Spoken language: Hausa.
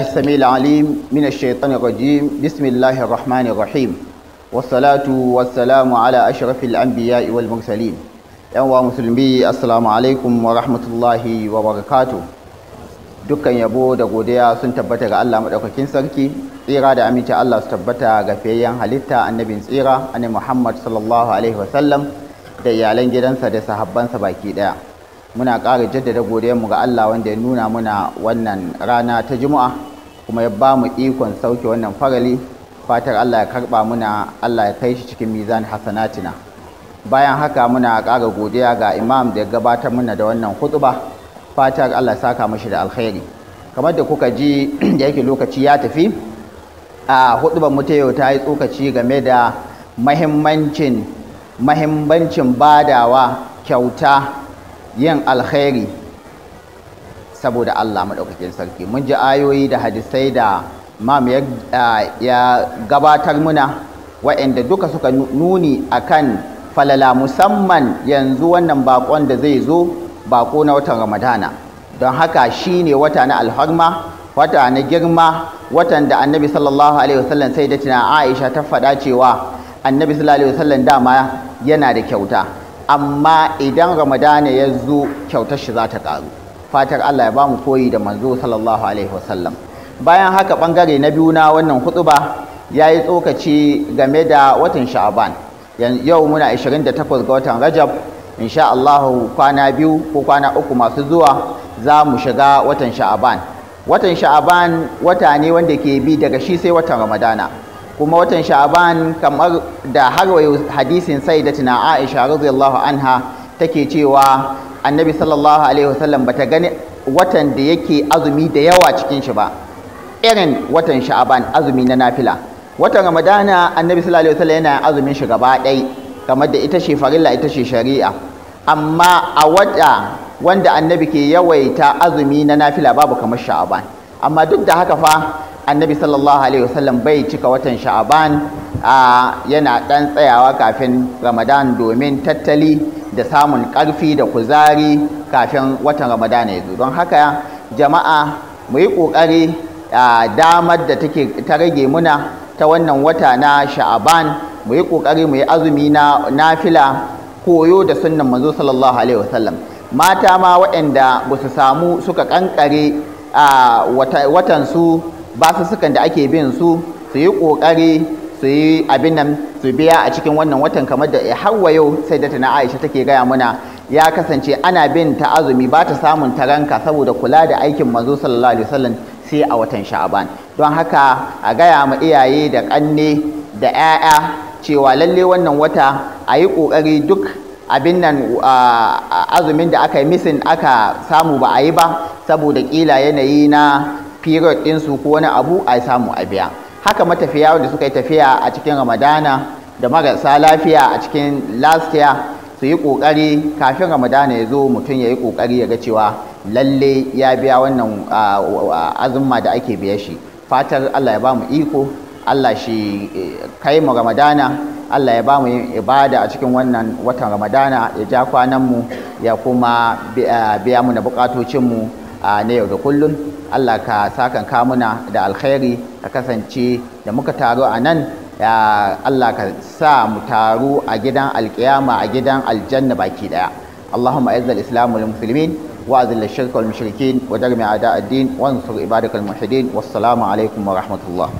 السميع العليم من الشيطان الرجيم بسم الله الرحمن الرحيم والصلاة والسلام على أشرف الأنبياء والمرسلين ‘yan musulmi assalamu alaikum wa rahmatullahi wa barakatu dukkan yabo da godiya sun tabbata ga Allah maɗaukakin sarki tsira da aminci Allah su tabbata ga fiyayyen halitta annabin tsira annabi Muhammad sallallahu alaihi wasallam da iyalan gidansa da sahabbansa baki ɗaya muna ƙara jaddada godiyarmu ga Allah wanda ya nuna muna wannan rana ta juma'a kuma ya ba mu ikon sauke wannan farali fatar Allah ya karɓa muna Allah ya kai shi cikin mizan hasanatina bayan haka muna ƙara godiya ga imam da ya gabatar muna da wannan hutuba fatar Allah saka mashi da alkhairi kamar da kuka ji da yake lokaci ya tafi a hutubar mu ta yau ta yi tsokaci game da mahimmancin mahimmancin badawa kyauta yin alkhairi saboda Allah maɗaukakin sarki mun ji ayoyi da hadisai da mam ya gabatar muna waɗanda duka suka nuni akan falala musamman yanzu wannan bakon da zai zo bako na watan ramadana don haka shi ne wata na alharma wata na girma watan da annabi sallallahu alaihi wasallam sai da tina aisha ta faɗa cewa annabi sallallahu alaihi wasallam dama yana da kyauta amma idan ramadana ya zo kyautar shi za ta ƙaru fatar allah ya ba mu koyi da manzo sallallahu alaihi wasallam bayan haka ɓangare na biyu na wannan hutuba ya yi tsokaci game da watan sha'aban yau muna 28 ga watan rajab insha allahu kwana biyu ko kwana uku masu zuwa za mu shiga watan sha'aban watan sha'aban wata ne wanda ke bi daga shi sai watan ramadana kuma watan sha'aban kamar da har hadisin sai da aisha radiyallahu anha take cewa annabi sallallahu alaihi wasallam bata gani watan da yake azumi da yawa cikin shi ba irin watan sha'aban azumi na nafila watan ramadana annabi sallallahu alaihi wasallam yana azumin shi gaba ɗai kamar da ita ce farilla ita ce shari'a amma a wata wanda annabi ke yawaita azumi na nafila babu kamar sha'aban amma duk da haka fa annabi sallallahu alaihi wasallam bai cika watan sha'aban yana ɗan tsayawa kafin ramadan domin tattali da samun ƙarfi da kuzari kafin watan ramadan ya zo don haka jama'a mu yi kokari damar da take ta rage muna ta wannan wata na sha'aban mu yi kokari mu yi azumi na nafila koyo da sunnan manzo sallallahu alaihi wasallam mata ma waɗanda ba su samu suka kankare a watansu sukan da ake bin su su yi ƙoƙari su yi abin nan su biya a cikin wannan watan kamar da har wa yau sai da na Aisha take gaya muna ya kasance ana bin ta azumi ba ta samun taranka saboda kula da aikin manzo sallallahu alaihi wasallam sai a watan sha'aban don haka a gaya ma iyaye da ƙanne da 'ya'ya cewa lalle wannan wata a yi ƙoƙari duk abin nan azumin da aka yi misin aka samu ba a yi ba saboda ƙila yanayi na period ɗinsu ko wani abu a samu a biya haka matafiya wanda suka yi tafiya a cikin ramadana da marasa lafiya a cikin last year su yi ƙoƙari kafin ramadana ya zo mutum ya yi ƙoƙari ya ga cewa lalle ya biya wannan azumma da ake biya shi fatar allah ya ba mu iko allah shi e, kai mu ramadana allah ya ba mu yin ibada a cikin wannan watan ramadana ya ja kwanan mu ya kuma biya mu na mu. A na yau da kullum, Allah ka sakan kamuna da alkhairi ka kasance da muka taro a nan Allah ka sa mu taru a gidan alkiyama a gidan aljanna baki daya Allahumma izzal islam lil muslimin wa azil shirka wal mushrikin wa darmi a'da ad-din wa ansur ibadakal muwahhidin wassalamu alaikum wa rahmatullah